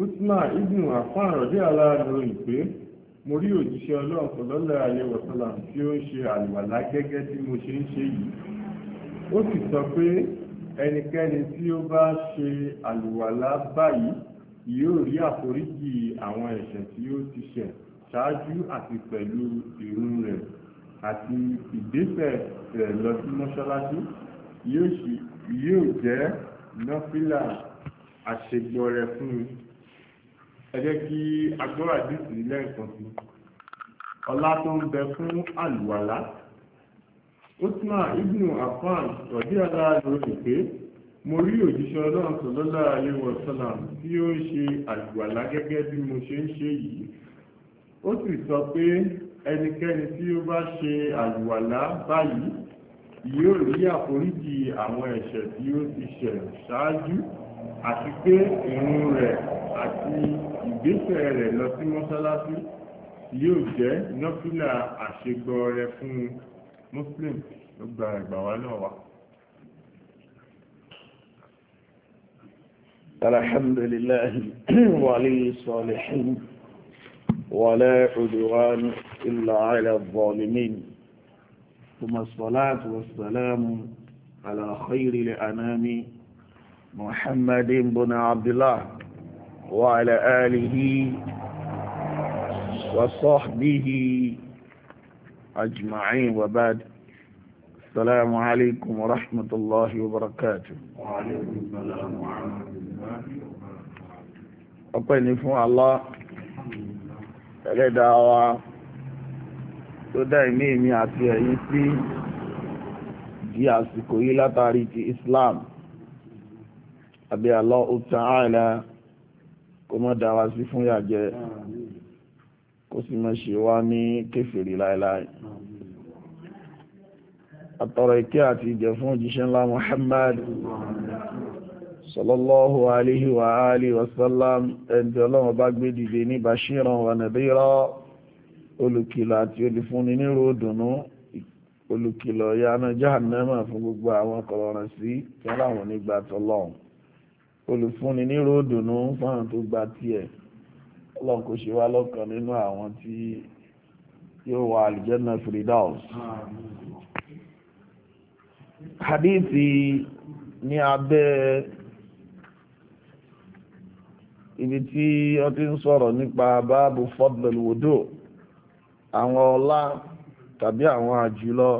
usman ibn afan rọ̀dí aláàrin pé mo rí òjíṣẹ́ ọlọ́run pọ̀lọ́lẹ̀ ayé wọ̀sọ́là tí ó ń ṣe àlùwàlá gẹ́gẹ́ tí mo ṣe ń ṣe yìí ó sì sọ pé ẹnikẹ́ni tí ó bá ṣe àlùwàlá báyìí yóò rí àforíjì àwọn ẹ̀ṣẹ̀ tí ó ti ṣẹ̀ ṣáájú àti pẹ̀lú ìrun rẹ̀ àti ìgbésẹ̀ rẹ̀ lọ sí mọ́ṣáláṣí yóò jẹ́ nọ́fílà àṣegbọrẹ fún un ẹ jẹ́ kí agbóra dìtì lẹ́ẹ̀kan sí ọlá tó ń bẹ fún àlùwàlá usman ibnu afan rọ̀dí aláàlú rẹ̀ pé mo rí òjíṣẹ́ ọlọ́run sallallahu alaihi wasallam tí ó ń ṣe àlùwàlá gẹ́gẹ́ bí mo ṣe ń ṣe yìí ó sì sọ pé ẹnikẹ́ni tí ó bá ṣe àlùwàlá báyìí yóò rí àforíjì àwọn ẹ̀ṣẹ̀ tí ó ti ṣẹ̀ ṣáájú àti pé ìrun rẹ̀ àti ìgbésẹ̀ rẹ̀ lọ sí mọ́sálásí yóò jẹ́ nọ́fílà àṣegbọrẹ fún muslim ló gba ẹ̀gbà wa náà wá. الحمد لله ولي الصالحين ولا عدوان إلا على الظالمين ثم الصلاة والسلام على خير الأنام محمد بن عبد الله وعلى آله وصحبه أجمعين وبعد السلام عليكم ورحمة الله وبركاته وعليكم السلام ورحمة الله وبركاته أقول فون الله ẹlẹ́dàá دعوة tó dá ìmí ìmí àti ẹ̀yìn sí di àsìkò yìí látàrí kó má dá wa sí fún yàjẹ́ kó sì má ṣe wá ní kèfèrí láéláé àtọ̀rọ̀ ìkẹ́ àti ìjẹ̀ fún òjíṣẹ́ ńlá Muhammad sallallahu alaihi wa alihi wasallam ẹni ọlọ́run bá gbé dìde ní bashiran wa nadira olùkìlọ̀ àti olùfúnni ní ròdùnú olùkìlọ̀ yánà jahannama fún gbogbo àwọn kọ̀rọ̀ràn sí tí wọ́n láwọn nígbà tọ́lọ́run olùfúnni ní ròdùnú fáwọn tó gba tiẹ̀ ọlọ́run kò ṣe wá lọ́kàn nínú àwọn tí yóò wà aljanna firdaus hadithi ní abẹ́ ibi tí ó ti ń sọ̀rọ̀ nípa báàbù fadlul wudu àwọn ọlá tàbí àwọn àjùlọ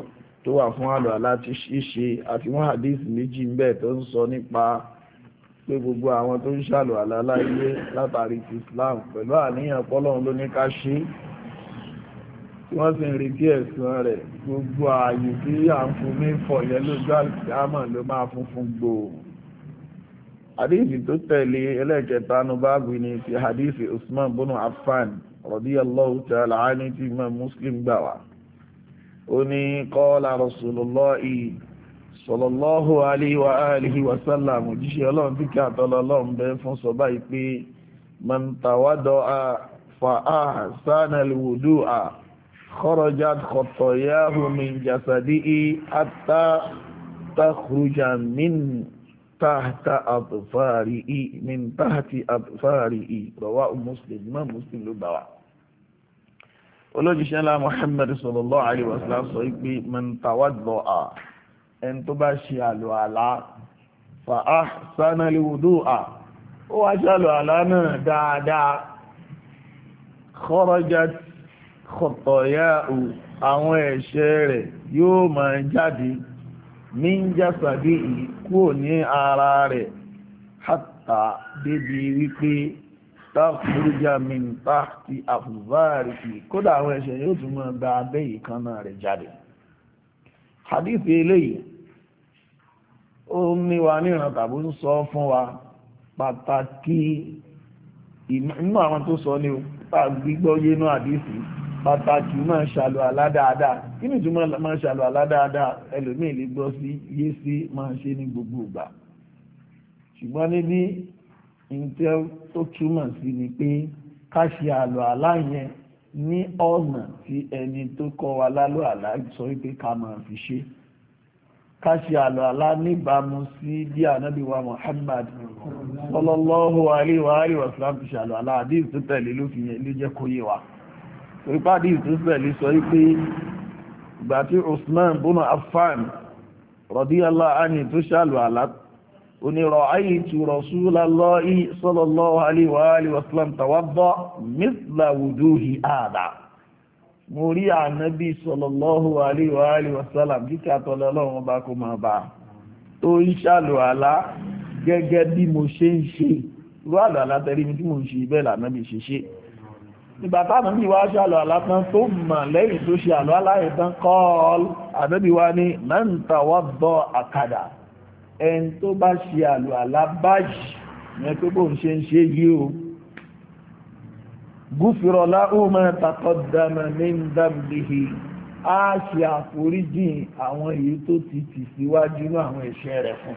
tó wà fún àlọ́ àláti ṣíṣe àti wọ́n hadith méjì ń bẹ tó ń sọ nípa pé gbogbo àwọn tó ń ṣàlù àláláyé látàrí ti Islam pẹ̀lú àníyàn pọ́lọ́run ló ní ká ṣe tí wọ́n sì ń retí ẹ̀sùn rẹ̀ gbogbo ààyè tí à ń fún mi fọ̀ yẹn lójú àmọ̀ ló máa funfun gbòò hadithi tó tẹ̀lé ẹlẹ́kẹta nu báàbù ni ti hadithi Usman bunu Affan radiyallahu ta'ala anhu ti Imam Muslim gbà wá ó ní qala Rasulullahi sọ̀lọ̀lọ́hù aléwà àríhì wàsálàmù jíṣẹ́ ọlọ́run tí kí àtọ́lọ́lọ́run bẹ fún sọ báyìí pé man tàwádọ́ a fa'áà sánàlùwòdó a kọ́rọjá kọ̀tọ̀ yáhù min jàsàdí i àtà tàkùrùjà min tàhàtà àbùfáàrí i min tàhàtì àbùfáàrí i rọwá muslim má muslim ló bá wa olójíṣẹ́lá muhammad sọ̀lọ̀lọ́ àríwàsálàmù sọ pé man a ẹni tó bá ṣe àlò àlá fa ahsana liwudu'a ó wá ṣe àlò àlá náà dáadáa kharajat khatayahu àwọn ẹ̀ṣẹ̀ rẹ̀ yóò máa jáde min jasadihi kúrò ní ara rẹ̀ hatta débi wípé tàfúrújá min tàti àfúvárì kì kódà àwọn ẹ̀ṣẹ̀ yóò tún mọ́ gba abẹ́ ìkànnà rẹ̀ jáde. hadithi eléyìí ó ní wa níran tàbí ó sọ fún wa pàtàkì inú àwọn tó sọ ní gbígbọ́ yénú àdísì pàtàkì máa ṣàlù aládáadáa kí ni ìtumọ̀ máa ṣàlù aládáadáa ẹlòmíì lè gbọ́ sí yé sí máa ṣe ní gbogbo ìgbà ṣùgbọ́n níbi ìtẹ́ tó túmọ̀ sí ni pé ká ṣe àlọ́ àlá ní ọ̀nà tí ẹni tó kọ́ wa lálọ́ àlá sọ wípé ká máa fi ṣe é ká ṣe àlọ́lá níbàmú sí bí ànábì wa Muhammad sallallahu alaihi wa alihi wasallam ti ṣe àlọ́lá àdíì tó tẹ̀lé ló fi yẹn ló jẹ́ kó yé wa torípa àdíì tó tẹ̀lé sọ wípé ìgbà tí Usman bùnà Affan radiyallahu anhu tó ṣe àlọ́lá onírọ̀ ayé tu rasulallahi sallallahu alaihi wa alihi wasallam tawadda mithla wuduhi mo rí ànábì sọlọ́lọ́hù àríwá àríwá sálàm kí kàtọ́lọ́ ọlọ́run ọba kò máa bá tó ń ṣàlò àlá gẹ́gẹ́ bí mo ṣe ń ṣe irú àlò àlá tẹ́rí mi tí mo ń ṣe bẹ́ẹ̀ lànábì ṣe ṣe nígbà táwọn mi wá ṣàlò àlá tán tó mọ̀ lẹ́yìn tó ṣe àlọ́ aláyẹ̀ tán kọ́ọ̀lù ànábì wá ní mẹ́ǹtà wá bọ́ àkàdà ẹni tó bá ṣe àlò àlá báyìí ìyẹn tó bó ń ṣe ń ṣe yìí o gúfìrọ̀ láhùmọ́ tàkọ́dàmà ní dàmbìhì á ṣe àforíjìn àwọn èyí tó ti tì síwájú ní àwọn ẹ̀ṣẹ̀ rẹ̀ fún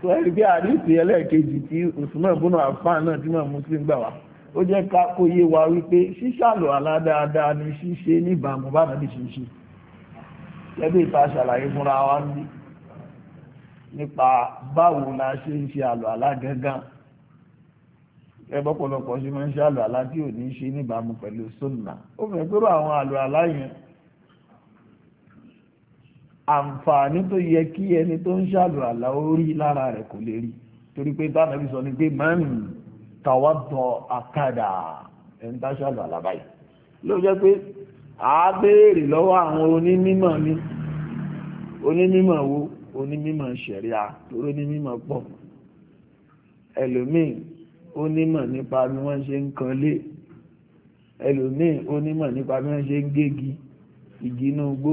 tó ẹ̀rí bí àdìsí ẹlẹ́ẹ̀kejì tí Usman àfáà náà tí mọ̀ Muslim gbà wá ó jẹ́ ká kó yé wa wípé ṣíṣàlò aládáadáa ni ṣíṣe níbàámu bá nàbí ṣíṣe lẹ́bí ìta ṣàlàyé fúnra wa nípa báwo la ṣe ń ṣe àlò alágángan ẹ̀bọ́pọ̀lọpọ̀ ṣe máa ń ṣe àlọ́ àlá tí ò ní ṣe níbàámu pẹ̀lú sunna ó fẹ́ gbọ́rọ̀ àwọn àlọ́ àlá yẹn àǹfààní tó yẹ kí ẹni tó ń ṣàlọ́ àlá ó rí lára rẹ̀ kò lè rí torí pé dáná bí sọ ni pé máa ń tàwádọ̀ àkàdà ẹni tá ṣàlọ́ àlá báyìí ló jẹ́ pé a béèrè lọ́wọ́ àwọn onímímọ̀ ni onímímọ̀ wo onímímọ̀ ṣẹ̀ríà torí onímímọ̀ pọ̀ ẹlòmíì onímọ̀ nípa bí wọ́n ṣe ń kanlé ẹlòmíì onímọ̀ nípa bí wọ́n ṣe ń gégi igi inú igbó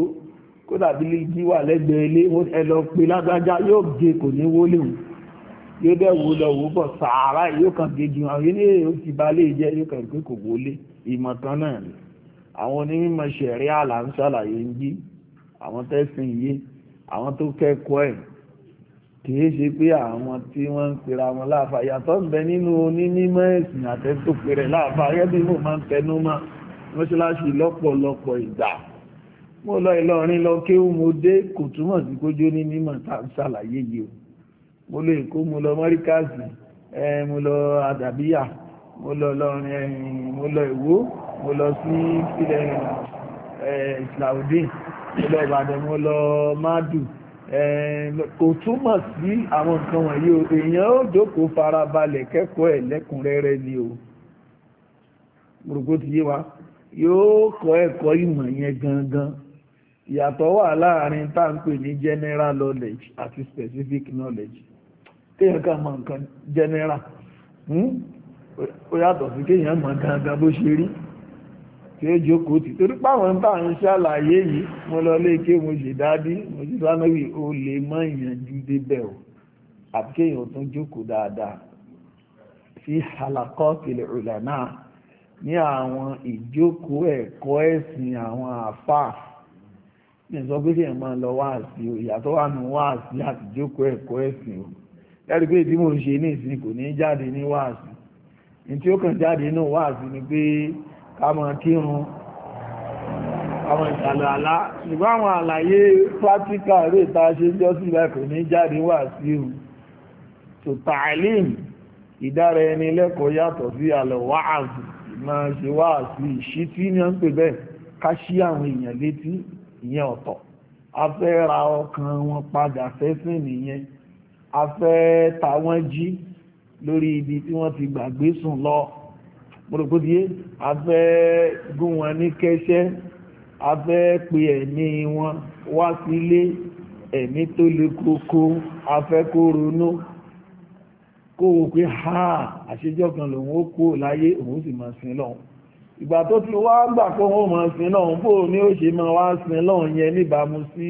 kódà bí igi wà lẹ́gbẹ̀ẹ́ ilé ẹ lọ pé lágbájá yóò gé kò ní wó léwu yóò dẹ̀ wò lọ wò bọ̀ sàárà yóò kàn gégi wọn yóò ní èrè ó ti ba lé jẹ́ yóò kàn pé kò wọlé ìmọ̀ kan náà ni àwọn onímọ̀ ṣẹ̀rí àlà ń ṣàlàyé ń bí àwọn tẹ́sìn yé àwọn tó kẹ́kọ̀ọ́ ẹ̀ kìí ṣe pé àwọn tí wọ́n ń pera wọn láàfà yàtọ̀ ń bẹ nínú onímọ̀ ẹ̀sìn àtẹ́tò pèrè láàfà rẹ́bí mo máa ń tẹnu mọ́ mọ́ṣáláṣí lọ́pọ̀lọpọ̀ ìgbà mo lọ Ìlọrin lọ kéwú mo dé kò túmọ̀ sí kójú ní mímọ̀ tá a ṣàlàyé yìí o mo lọ Èkó mo lọ mọ́ríkàsì mo lọ àdàbíyà mo lọ lọrin ẹ̀yìn mo lọ Ìwó mo lọ sí ilẹ̀ Ìsìláùdín mo lọ Ìbàdàn mo lọ Mádù kò túmọ̀ sí àwọn nǹkan wọ̀nyí o èèyàn ó jókòó farabalẹ̀ kẹ́kọ̀ọ́ ẹ̀ lẹ́kùnrẹ́rẹ́ ni o gbogbo ti yé wa yóò kọ́ ẹ̀kọ́ ìmọ̀ yẹn gangan ìyàtọ̀ wà láàrin tá à ń pè ní general knowledge àti specific knowledge kéèyàn kàn mọ̀ nǹkan general hmm? ó yàtọ̀ sí kéèyàn mọ̀ gangan bó ṣe rí tí ó jókòó tì torí páwọn bá ń ṣàlàyé yìí mo lọ lé ké mo ṣe dádí mo ṣe sánáwì ó lè mọ́ ìyànjú débẹ̀ o àti kéèyàn tún jókòó dáadáa sí halakọ́ tìlẹ̀ ìlànà ní àwọn ìjókòó ẹ̀kọ́ ẹ̀sìn àwọn àfáà ní sọ pé kéèyàn máa lọ wáàsí o ìyàtọ̀ wà nù wáàsí àti jókòó ẹ̀kọ́ ẹ̀sìn o yàrá pé ìdí mò ṣe ní ìsìn kò ní jáde ní wáàsí ní tí ó kàn jáde nínú wáàsí ni pé kàmọ̀ kírun àwọn ìtàlẹ̀ àlá ṣùgbọ́n àwọn àlàyé pátíkà rẹ̀ ta ṣe jọ sí ìlẹ́kùn ní jáde wà sí ìhù tó tààlìm ìdára ẹni lẹ́kọ̀ọ́ yàtọ̀ sí àlọ̀ wáàzù máa ṣe wáàzù ìṣítí ní ọ́n pè bẹ́ẹ̀ ká ṣí àwọn èèyàn létí ìyẹn ọ̀tọ̀ a ra ọkàn wọn padà fẹ́ afẹ́ gún wọn ní kẹ́ṣẹ́ afẹ́ pe ẹ̀mí wọn wá sílé ẹ̀mí tó le kókó afẹ́ kó ronú kó wò pé ha àṣejọ́ kan lòun ó kú láyé òun sì máa sin lọ́hùn ìgbà tó ti wá gbà pé wọ́n máa sin lọ́hùn bó ní ó ṣe máa wá sin lọ́hùn yẹn níbàámu sí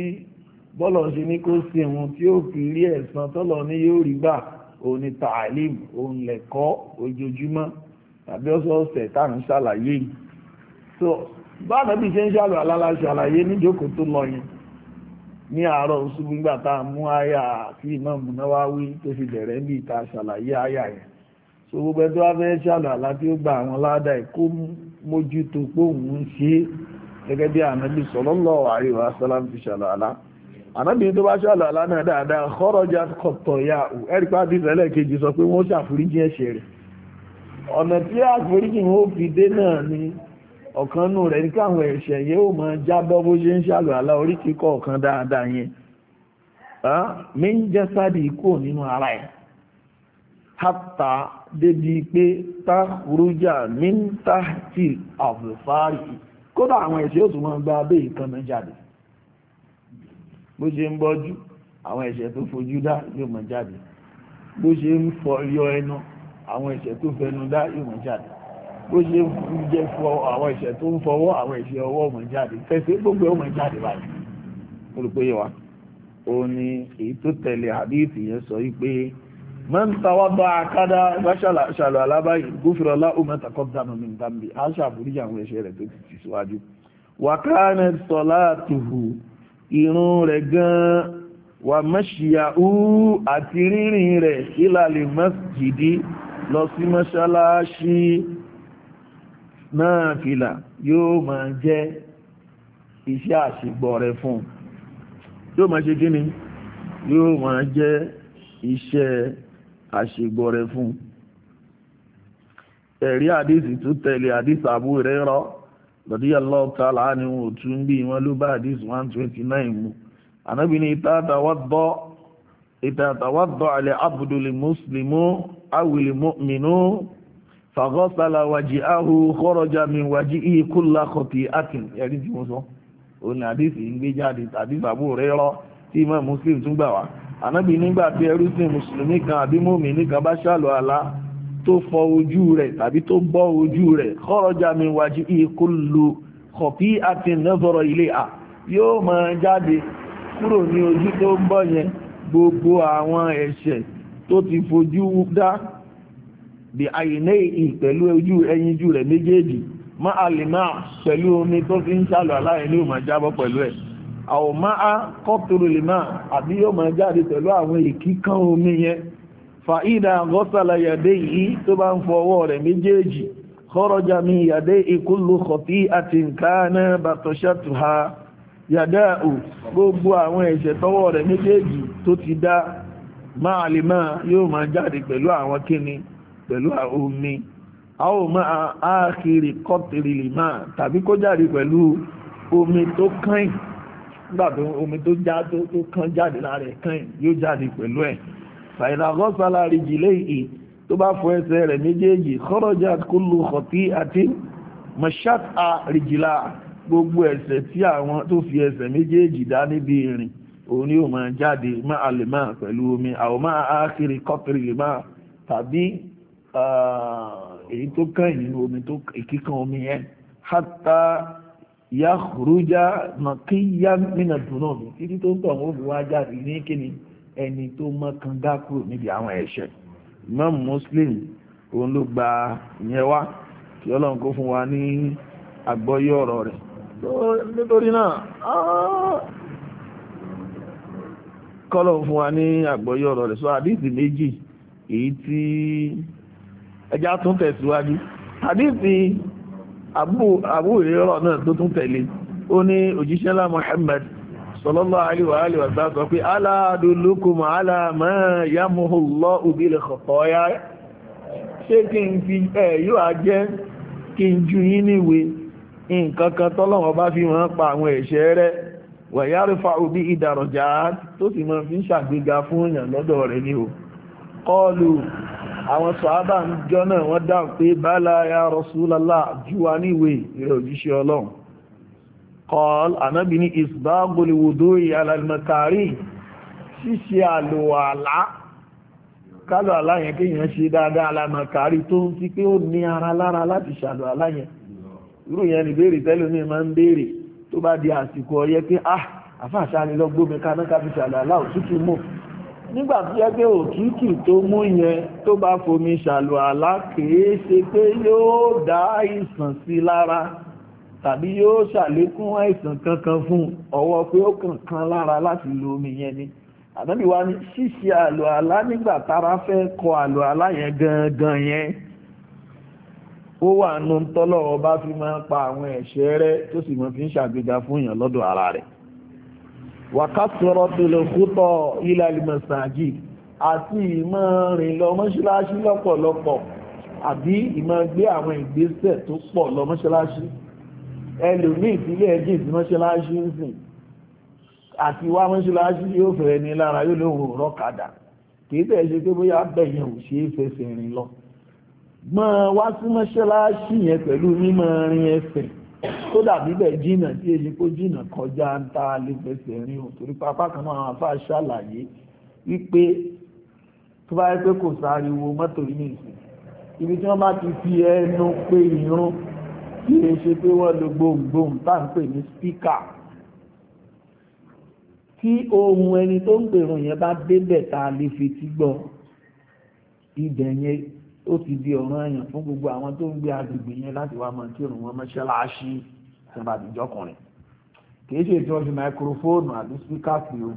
bọ́lọ̀ ṣe ní kó sin òun tí ó fi rí ẹ̀san tọ́lọ̀ ní yóò rí gbà òun ni tààlìm òun lẹ̀kọ́ ojoojúmọ́ tàbí ọ̀sọ̀ọ̀sẹ̀ tá à ń ṣàlàyé yìí so báwọn bí ṣe ń ṣàlù alála ṣàlàyé níjókòó tó lọ yẹn ní àárọ̀ ṣubú nígbà tá a mú àyà tí iná Nawawi tó fi bẹ̀rẹ̀ ní ìta ṣàlàyé àyà yẹn so gbogbo ẹni tó wá fẹ́ ṣàlù àlá tí ó gba àwọn ládàá ẹ̀ kó mójútó póhùn ń ṣe gẹ́gẹ́ bí ànábì sallallahu alaihi wasallam fi ṣàlù àlá ànábì tó bá ṣàlù àlá náà dáadáa kọ́rọ̀jà kọ̀tọ̀ ya ẹ̀rí pàdé ìṣẹ̀lẹ̀ kejì sọ pé wọ́n ṣàforíjì ẹ̀ṣẹ̀ rẹ̀ ọ̀nà tí àforíjì ó fi dé náà ni ọ̀kan nù rẹ̀ ní káwọn ẹ̀ṣẹ̀ yẹn ó máa jábọ́ bó ṣe ń ṣàlùwàlá orí kíkọ́ ọ̀kan dáadáa yẹn mi ń jẹ́ sáàdì kúrò nínú ara ẹ̀ hátà débi pé táhùrújà mi ń táhìtì àbùfáàrì kódà àwọn ẹ̀ṣẹ̀ ó tún máa gba abẹ́ ìkànnà jáde bó ṣe ń bọ́jú àwọn ẹ̀ṣẹ̀ tó fojú dá yóò máa jáde bó ṣe ń fọ yọ ẹnu àwọn ẹ̀ṣẹ̀ tó fẹnu dá ìmọ̀ jáde bó ṣe ń jẹ́ fọ àwọn ẹ̀ṣẹ̀ tó ń fọwọ́ àwọn ẹ̀ṣẹ̀ ọwọ́ ọmọ jáde fẹsẹ̀ gbogbo ọmọ jáde báyìí mo rò pé yẹ wa ó ní èyí tó tẹ̀lé àdéhìtì yẹn sọ wípé mẹ́ntàwá bá a kádà bá ṣàlù alábáyé gófìrọ̀ láhùn mẹ́ta kọ́ dànù mi nǹkan bí a àwọn ẹ̀ṣẹ̀ rẹ̀ tó ti ti síwájú wàkánẹ̀ sọ̀lá tùhù irun rẹ̀ gan-an wà mẹ́ṣíyà úú àti rírìn rẹ̀ ìlàlè mẹ́sìdì lọ sí mọ́ṣáláṣí náà fìlà yóò máa jẹ́ iṣẹ́ àṣegbọ́ rẹ fún un yóò máa ṣe kíni yóò máa jẹ́ iṣẹ́ àṣegbọ́ rẹ fún un ẹ̀rí àdísì tó tẹ̀lé àdísì àbú rẹ̀ rọ́ lọ́díyà lọ́ọ̀ta láàrin ohun òtún bí wọ́n ló bá àdísì 129 mu ànábì ní ìtàtàwọ́dọ̀ alẹ́ abdul muslimu awil mu'minu faghasala waji'ahu kharaja min waji'i kulla khati'atin ẹ̀rí tí mo sọ ó ní àdísì ń gbé jáde àdísì àbú rẹ̀ rọ́ tí imam muslim tún gbà wá ànábì nígbà tí ẹrú sí mùsùlùmí kan àbí mùmínì kan bá ṣàlù àlá tó fọ ojú rẹ̀ tàbí tó bọ́ ojú rẹ̀ kharaja min waji'i kullu khati'atin nazara ilayha yóò máa jáde kúrò ní ojú tó ń bọ́ gbogbo àwọn ẹ̀ṣẹ̀ tó ti fojú dá bí àyìnlẹ́ ìhì pẹ̀lú ojú ẹyinjú rẹ̀ méjèèjì má a lè máa pẹ̀lú omi tó fi ń sálọ aláìní ò máa jábọ́ pẹ̀lú ẹ̀ àwọn máa kọ́tùrù lè máa àbí yóò máa jáde pẹ̀lú àwọn ìkíkan omi yẹn fàídà gọ́sàlà yàdé yìí tó bá ń fọwọ́ rẹ̀ méjèèjì kọ́rọ̀já mi yàdé ìkúlù kọ̀tí àti nǹkanà bàtọ̀ṣàtù ha yàdá ò gbogbo àwọn ẹ̀ṣẹ̀ tọwọ́ rẹ̀ méjèèjì tó ti dá máa lè máa yóò máa jáde pẹ̀lú àwọn kíni pẹ̀lú omi a ó máa áàkiri kọ́tìrì lè máa tàbí kó jáde pẹ̀lú omi tó kàn nígbà tó omi tó já tó kàn jáde lára ẹ̀ kàn yóò jáde pẹ̀lú ẹ̀ fàìlàgọ́sà láàrí jìlẹ̀ èyí tó bá fọ ẹsẹ̀ rẹ̀ méjèèjì kọ́rọ̀jà kúlù kọ̀tí àti mọ̀ṣáàtà rìjìlá gbogbo ẹ̀ṣẹ̀ tí àwọn tó fi ẹsẹ̀ méjèèjì dá níbi ìrìn òun ni ó máa jáde má a lè máa pẹ̀lú omi àwọn máa á kiri kọ́pìrì lè máa tàbí èyí tó kàn nínú omi tó ìkíkan omi yẹn hátà ya kùrújá nà kí yá nínà dùnà mi títí tó ń tọ̀ wọ́n fi wá jáde ní kíni ẹni tó mọ́kàn dá kúrò níbi àwọn ẹ̀ṣẹ̀ Imam Muslim òun ló gba ìyẹn wá kí ọlọ́run kó fún wa ní àgbọ́yé ọ̀rọ̀ rẹ̀ nítorí náà ah, kọ́lọ̀ fún wa ní àgbọ́yé ọ̀rọ̀ rẹ̀ sọ àdíìsì méjì èyí tí ẹjá tún tẹ̀síwájú àdíìsì Abu Hurairah náà tó tún tẹ̀lé ó ní òjíṣẹ́lá Muhammad sallallahu alaihi wa sallam sọ pé ala adullukum ala ma yamhu Allahu bil khataaya ṣé kí n fi ẹ̀ yóò á jẹ́ kí n ju wẹ̀yárìfà òbí ìdàrọ̀já tó sì mọ́ fi ń ṣàgbéga fún èèyàn lọ́dọ̀ rẹ̀ ní o kọlù àwọn sàábà ń jọ náà wọ́n dá pé bala ya Rasulullah jù wá níwèé ìrẹ̀ òjíṣẹ́ ọlọ́run kọl ànábì ní isbagul wudu'i ní ara ń béèrè tó bá di àsìkò ọyẹ́ pé ah àfáàṣà ni lọ gbómi kaná káfíṣàlà aláwọ̀ tútù mọ̀ nígbà tí ẹ pé òtútù tó mú yẹn tó bá fomi ṣàlù àlá kìí ṣe pé yóò dá àìsàn sí lára tàbí yóò ṣàlékún àìsàn kankan fún ọwọ́ pé ó kàn lára láti lo omi yẹn ni àtàbí wa ṣíṣe àlù àlá nígbà tára fẹ́ kọ àlù àlá yẹn gangan yẹn ó wà nù tọ́lọ̀ ọba fi máa ń pa àwọn ẹ̀ṣẹ̀ rẹ̀ tó sì máa fi ń ṣàgbéga fún èèyàn lọ́dọ̀ ara rẹ̀ wàkásọ̀rọ̀ tòlè kútọ̀ ilẹ̀ alìmọ̀sàájì àti ìmọ̀ rìn lọ mọ́ṣáláṣí lọ́pọ̀lọpọ̀ àbí ìmọ̀ gbé àwọn ìgbésẹ̀ tó pọ̀ lọ mọ́ṣáláṣí ẹlòmíì ìpínlẹ̀ ẹ̀jẹ̀ sí mọ́ṣáláṣí ń sìn àti wá mọ́ṣáláṣí yóò fẹ̀rẹ̀ ní lára yóò lóhùn rọ́kadà kì í tẹ̀ ṣe pé bóyá bẹ̀yẹn ò ṣe fẹsẹ̀ rìn lọ Ma, wá sí mọ́ṣáláṣí yẹn pẹ̀lú mímọ́ rin ẹsẹ̀ tó dàbí bẹ́ẹ̀ jìnnà tí èyí kó jìnnà kọjá ń ta lè fẹsẹ̀ rin o torí pápá kan náà àwọn afáà ṣàlàyé wípé tó bá yẹ pé kò sáriwo mọ́tò yìí nìsín ibi tí wọ́n bá ti fi ẹnu pé irun kì í ṣe pé wọ́n lo gbohùngbohùn tá à ń pè ní spíkà tí ohun ẹni tó ń pèrò yẹn bá débẹ̀ tá a lè fi tí gbọ́ ibẹ̀ yẹn ó ti di ọ̀ràn èèyàn fún gbogbo àwọn tó ń gbé agbègbè yẹn láti wá máa kírun wọn mọ́ṣáláṣí ìjọba àtijọ́kùnrin kìí ṣe tí wọ́n fi máikrófóònù àti spíkàsì o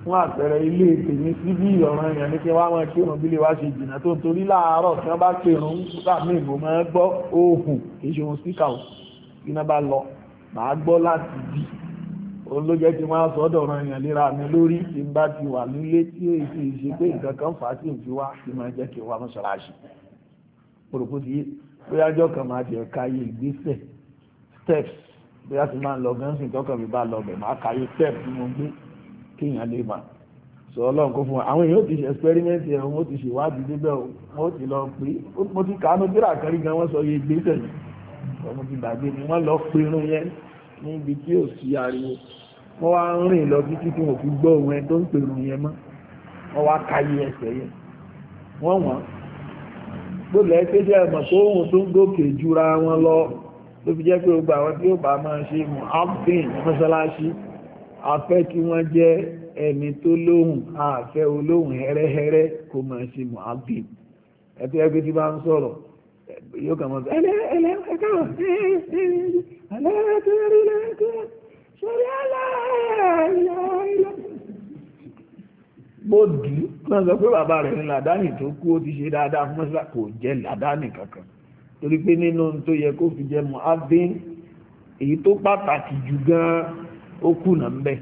fún àpẹẹrẹ ilé tèmi síbí ọ̀ràn èèyàn ní kí wọ́n máa kírun bí lè wá ṣe jìnnà tó torí láàárọ̀ tí wọ́n bá kírun sàmì ìbò máa gbọ́ òògùn kìí ṣe ohun spíkà o kí wọ́n bá lọ màá gbọ́ láti bíi òun ló jẹ́ kí wọ́n á sọ́dọ̀ ọ̀ràn èèyàn léra mi lórí tí n bá ti wà nílé tí èsì ìṣe pé nǹkan kan fà á sí ìfi wá kí máa jẹ́ kí n wá mọ́ṣáláṣí pòròpó ti bóyá ọjọ́ kan máa ti ẹ̀ka yé ìgbésẹ̀ steps bóyá ti máa ń lọ gan sìn tọkàn mi bá lọ bẹ̀ máa ka yé steps tí mo gbé kéèyàn lè mà sọ ọlọ́run kó fún wa àwọn èèyàn ó ti ṣe experiment ẹ̀ wọ́n ó ti ṣe ìwádìí débẹ̀ wọ́n ti lọ pé mo ti kàánú bírà kan rí gan wọ́n sọ yé ìgbésẹ̀ yìí ọmọ ti gbàgbé ni wọ́n lọ pinnu yẹn níbi tí ò sí ariwo wọ́n wá ń rìn lọ títí tí wọ́n fi gbọ́ ohun ẹ tó ń pèrò yẹn mọ́ wọ́n wá káyé ẹsẹ̀ yẹn wọ́n wọ́n gbọ́dọ̀ ẹ pé jẹ́ ẹ̀mọ̀ tó ohun tó ń gòkè jura wọn lọ tó fi jẹ́ pé gbogbo àwọn tí ó bá máa ṣe mọ̀ áfíìn mọ́ṣáláṣí afẹ́ kí wọ́n jẹ́ ẹni tó lóhùn àfẹ́ olóhùn hẹ́rẹ́hẹ́rẹ́ kó máa ṣe mọ̀ áfíìn ẹ̀tọ́ ẹgbẹ́ tí bá ń sọ̀rọ̀ yóò kàn mọ́ sórí aláàlá gbòdì náà sọ pé bàbá rẹ̀ ní làdáni tó kú ó ti ṣe dáadáa fún mọ́sílá kò jẹ́ làdáni kankan torí pé nínú tó yẹ kó fi jẹ́ mọ́ abín èyí tó pàtàkì jù gan ó kù náà ń bẹ̀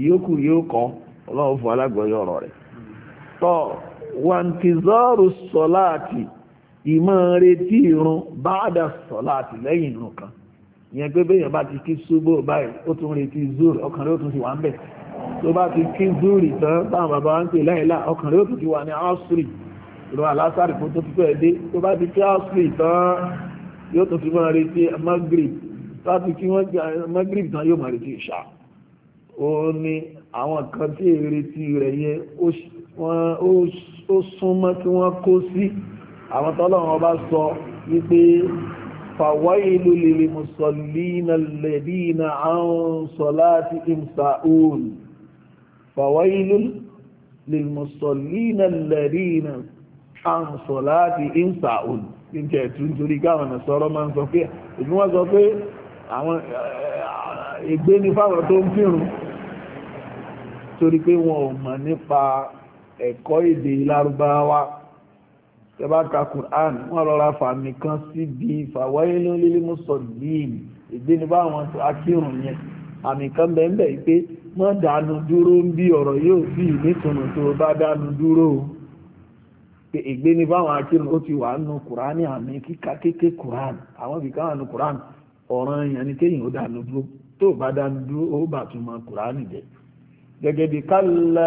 ìyókù yóò kọ́ ọlọ́run fún alágbọ̀yọ̀ ọ̀rọ̀ rẹ̀ tọ́ wàǹtìzọ́ọ̀rù sọ́láàtì ìmọ̀ retí irun báàdà sọ́láàtì lẹ́yìn irun kan ìyẹn pé bẹ́yàn bá ti kí ṣúgbó báyìí ó tún retí zúrì ọkàn rẹ̀ ó tún ti wà ń bẹ̀ tó bá ti kí zúrì tán báwọn bàbá ń pè láìlá ọkàn rẹ̀ ó tún ti wà ní ásírì ìrọ̀ alásàrì kó tó ti fẹ́ dé tó bá ti kí ásírì tán yóò tún fi máa retí magrib láti kí wọ́n jẹ́ magrib tán yóò máa retí ìṣà ó ní àwọn kan tí ìrètí rẹ̀ yẹn ó súnmọ́ kí wọ́n kó sí àwọn tọ́lọ́run ọba sọ wípé فويل للمصلين الذين عن صلاتهم ساؤون فويل للمصلين الذين عن صلاتهم ساؤون níjẹ́ ìtúntorí káwọn ọ̀nà sọ̀rọ̀ máa ń sọ pé èmi wọ́n sọ pé àwọn eh, ègbé ní fáwọn tó ń kírun torí pé wọn ò mọ̀ nípa ẹ̀kọ́ èdè lárúbáwá tẹ́bá ka Qur'an wọ́n rọra fàmì kan síbi fawailun lil musallin ìgbéni bá wọn tó akírun yẹn àmì kan bẹ́ẹ̀ pé mọ́ dànù dúró ń bí ọ̀rọ̀ yóò fi ìlétùnù tó bá dànù dúró pé ìgbéni bá wọn akírun ó ti wà nù Qur'an àmì kíkà kéké Qur'an àwọn ibì kan wà nù Qur'an ọ̀ràn yẹn ni kéyìn ó dànù dúró tó bá dànù dúró ó bàtúmọ̀ Qur'an jẹ gẹ́gẹ́ bí kálá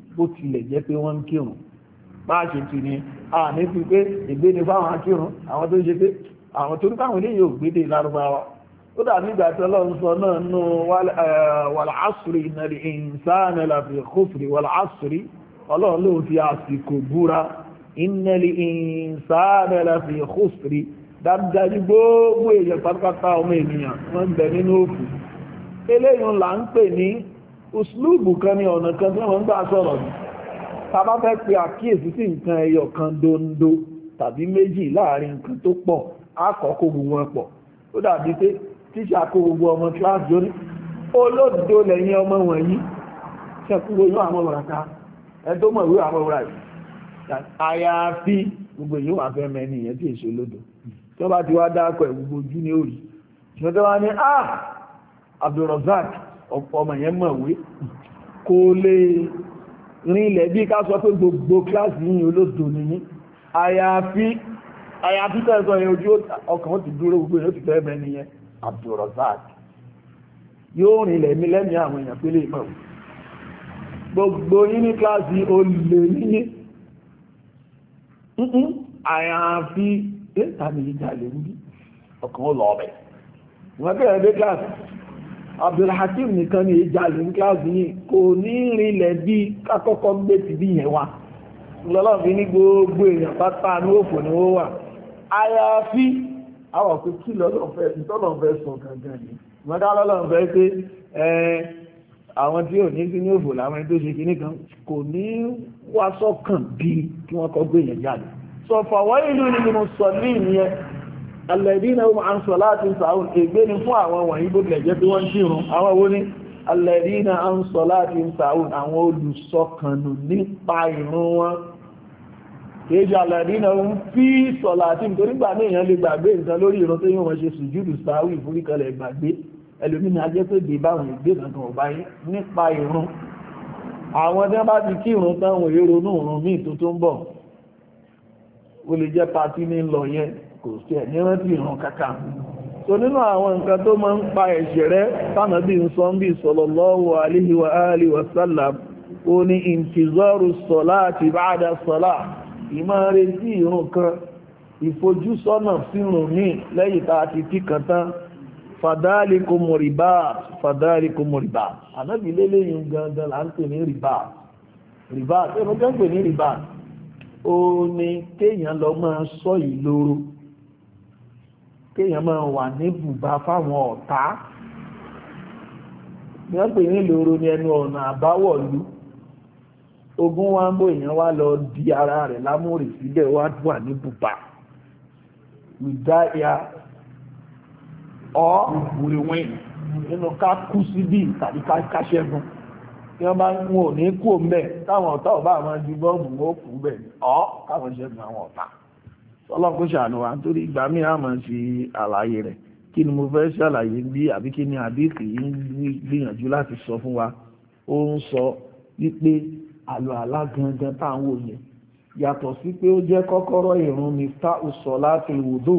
bó tilẹ̀ jẹ́ pé wọ́n ń kírun bá ṣe ti ní àní fi pé ìgbéni fáwọn akírun àwọn tó ṣe pé àwọn tó ń káwọn ilé yóò gbédè lárúbáwá ó dà nígbà tí ọlọ́run sọ náà nù wàlásùrì ìnàrí ìǹsáàna láfi kófìrí wàlásùrì ọlọ́run ló fi àsìkò búra ìnàrí ìǹsáàna láfi kófìrí dájúdájú gbogbo èèyàn pátápátá ọmọ ènìyàn wọ́n ń nínú òfin eléyìí là ń pè ní òṣìlúùbù kan ní ọ̀nà kan tí wọ́n ń gbà sọ̀rọ̀ ní tàbá fẹ́ pe àkíyèsí sí nǹkan ẹyọ kan dondo tàbí méjì láàrin nǹkan tó pọ̀ àkọ́kọ́ gbogbo wọn pọ̀ ó dàbí pé tíṣà kó gbogbo ọmọ kíláàsì jóní olódodo lẹ́yìn ọmọ wọ̀nyí ṣẹkúrò yóò ọmọ ràká ẹ tó mọ̀ ìwé àyàfi gbogbo wà fẹ́ mẹ́ni ìyẹn tí èso bá ti wá dákọ̀ ẹ̀ gbogbo ojú ní òrì ṣùgbọ́n ní ọmọ yẹn mọ̀wé kò lè rin ilẹ̀ bí ká sọ pé gbogbo kíláàsì yìí olóòdò nìyí àyàfi àyàfi tẹ́sọ yẹn ojú ọkàn ó ti dúró gbogbo yẹn ó ti fẹ́ bẹ́ẹ̀ nìyẹn Abdulrasaq yóò rìn ilẹ̀ mi lẹ́mìí àwọn èèyàn pé lè mọ̀wé gbogbo yín ní kíláàsì olè nìyí àyàfi ẹ́ tàbí ìjà lè ń ọkàn ó lọ ọbẹ̀ wọ́n bẹ̀rẹ̀ dé kíláàsì Abdulhakeem nìkan ni ìjàlè ní kíláàsì yìí kò ní rinlẹ̀ bí kákọ́kọ́ gbé ti bí yẹn wá lọ́lọ́fin ní gbogbo èèyàn pátá ní òfò ni ó wà àyàfi àwọn kò kí lọ́lọ́fẹ́ ìtọ́lọ́fẹ́ sùn gangan ni mọ́dá lọ́lọ́fẹ́ pé àwọn tí ò ní sí ní òfò láwọn tó ṣe kìíní kan kò ní wá sọ́kàn bí kí wọ́n kọ́ gbé yẹn jáde sọ ìlú ni mo sọ ní ìyẹn alẹ́dínà ó máa ń sọ láti sàún ègbé ni fún àwọn wọ̀nyí bó tilẹ̀ jẹ́ pé wọ́n ń kírun àwọn owó ní alẹ́dínà ó ń sọ láti sàún àwọn olùsọkànnù nípa ìrun wọn kéjì alẹ́dínà ó fi sọ láti nítorí gbà ní èèyàn lè gbàgbé nǹkan lórí ìrun tó yíwọ̀n ṣe sùjúdù sáwì ìforíkalẹ̀ gbàgbé ẹlòmínú ajẹ́ gbé báwọn ìgbé kankan ọ̀bá yín nípa ìrun àwọn tí wọ́n bá ti kírun táwọn èrò náà rùn míì tó bọ̀ ó lè jẹ́ patí ní lọ yẹn kò sí ẹ̀ nírántí ìran kàkà so nínú àwọn nǹkan tó máa ń pa ẹ̀ṣẹ̀ rẹ tánàbí sọ́nbí sallallahu alaihi wa alihi wa sallam ó ní intizaru salati ba'da salah ìmọ̀ retí ìrun kan ìfojúsọ́nà sírùn ní lẹ́yìn tá a ti tí kan tán fàdáàlìkò mọ̀ rìbá fàdáàlìkò mọ̀ rìbá ànábì lélẹ́yìn gangan ní kéèyàn lọ máa sọ ìloro kéèyàn máa wà ní bùbá fáwọn ọ̀tá ní wọ́n pè ní ní ẹnu ọ̀nà àbáwọ̀lú ogun wa ń bó èèyàn wá lọ di ara rẹ̀ lámúrè síbẹ̀ wá wà ní bùbá wìdáyà ọ́ wìrìwìn nínú ká kú síbí tàbí ká ṣẹ́gun tí wọ́n bá ń wọn ò ní kú òun táwọn ọ̀tá ọ̀bá àwọn ju bọ́ọ̀mù ó kú bẹ́ẹ̀ ọ́ káwọn ṣẹ́gun àwọn ọ̀tá ọlọ́kùn ṣàánú wa nítorí ìgbà mi a máa ṣe àlàyé rẹ̀ kí ni mo fẹ́ ṣàlàyé bí àbí kí ni àdíkì yìí ń gbìyànjú láti sọ fún wa ó ń sọ wípé àlọ́ alágangan tá à ń wò yẹn yàtọ̀ sí pé ó jẹ́ kọ́kọ́rọ́ ìrun mi tá ò sọ láti wòdò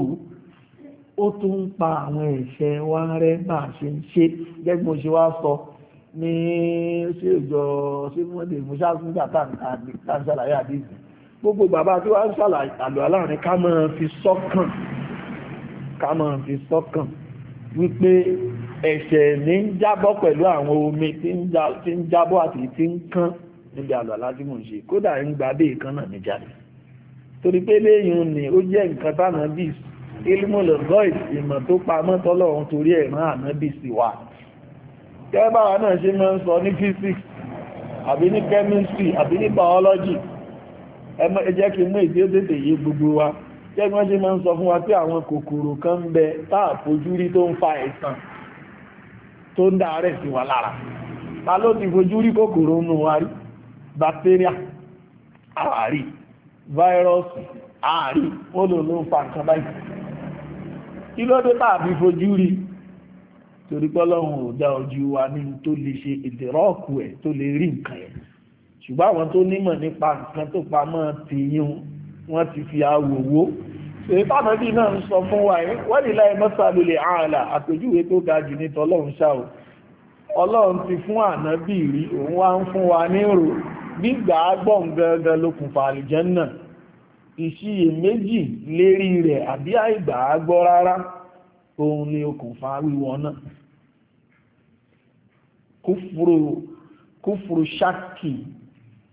ó tún ń pa àwọn ẹ̀ṣẹ̀ wa rẹ́ bá a ṣe ń ṣe gẹ́gẹ́ mo ṣe wá sọ ní ṣé ìjọ ṣé wọ́n lè mú ṣáà fún gbà tá à ń ṣàlàyé àdíkì gbogbo bàbá tí wọ́n ń sàlà àlọ́ aláàrin ká máa fi sọ́kàn ká máa fi sọ́kàn wípé ẹ̀ṣẹ̀ ní ń jábọ́ pẹ̀lú àwọn omi tí ń jábọ́ àti tí ń kán níbi àlọ́ aláàdí mò ń ṣe kódà ń gba bí ìkan náà níjàre torí pé léyìn ni ó jẹ́ nǹkan táwọn bí ilmọ̀lẹ̀ void ìmọ̀ tó pamọ́ tọ́lọ́run torí ẹ̀ràn àná bí sí wa náà ṣe máa ń sọ ní physics àbí ní chemistry àbí ní biology ẹ jẹ́ kí mú èdè tètè yé gbogbo wa jẹ́ kí wọ́n sọ fún wa pé àwọn kòkòrò kan ń bẹ tá fojú rí tó ń fa àìsàn tó ń sí wa ta ló ti fojú rí kòkòrò nù wa rí bacteria àárí fáírọ́ọ̀sì àárí wọ́n lò ló ń fa nǹkan báyìí kí ló dé a fojú rí torí pé Ọlọ́run ò dá ojú wa nínú tó lè ṣùgbọ́n àwọn tó nímọ̀ nípa nǹkan tó pamọ́ ti yín wọ́n ti fi awòwó ìpàdàbí náà ń sọ fún wa wọ́n nílá ẹmọ́sà lulẹ̀ ààlà àpèjúwe tó ga jù ní tọ́lọ́run ṣáò ọlọ́run ti fún ànábì rí òun wá ń fún wa nírò gbígbà gbọ́n gangan lókùnfà àlìjẹ́nà ìṣiyèméjì lérí rẹ̀ àbí àìgbà gbọ́ rárá òun ni okùnfà wíwọ náà kúfùrù kúfùrù ṣákì